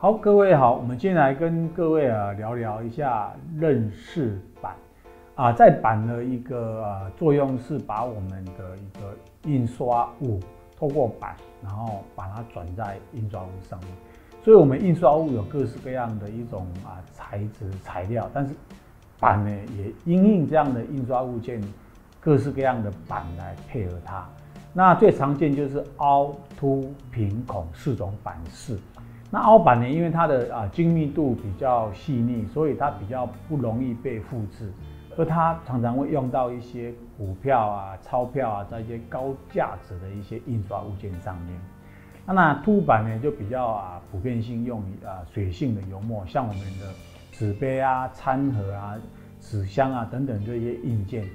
好，各位好，我們今天來跟各位啊聊聊一下認識版。啊，在版的一個作用是把我們的一個印刷物透過版，然後把它轉在印刷物上面。所以，我們印刷物有各式各樣的一種啊材質材料，但是版呢也因應這樣的印刷物件，各式各樣的版來配合它。那最常見就是凹、凸、平、孔四種版式。那凹版呢？因為它的啊精密度比較細膩，所以它比較不容易被複製，而它常常會用到一些股票啊、鈔票啊，在一些高價值的一些印刷物件上面。那那凸版呢，就比較啊普遍性用於啊水性的油墨，像我們的紙杯啊、餐盒啊、紙箱啊等等這些硬件，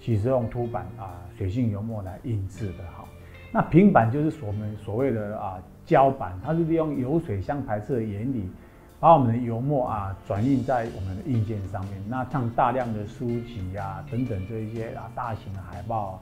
其實用凸版啊水性油墨來印製的好。那平板，就是我們所謂的啊膠板，它是利用油水相排斥的原理，把我們的油墨啊轉印在我們的硬件上面。那像大量的書籍啊等等這一些啊大型的海報，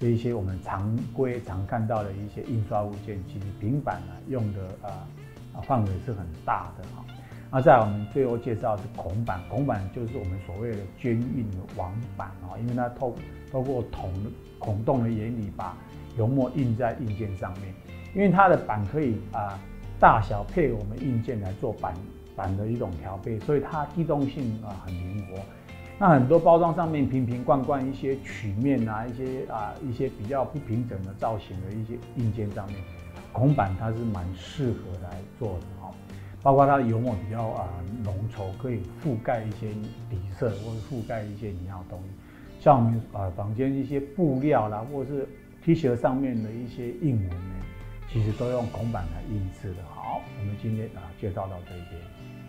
這一些我們常規常看到的一些印刷物件，其實平板呢用的啊啊範圍是很大的哈。那在我們最後介紹是孔板，孔板就是我們所謂的運印網板啊，因為它透透過孔孔洞的原理把。油墨印在硬件上面，因為它的版可以啊、呃、大小配合我們硬件來做版版的一種調配，所以它機動性啊、呃、很靈活。那很多包裝上面瓶瓶罐罐一些曲面啊，一些啊、呃、一些比較不平整的造型的一些硬件上面，孔版它是蠻適合來做的哈、哦。包括它的油墨比較啊、呃、濃稠，可以覆蓋一些底色或者覆蓋一些你要的東西，像我們啊、呃、房間一些布料啦，或是。皮鞋上面的一些印紋呢，其實都用孔版來印製的。好，我們今天啊，介紹到這邊。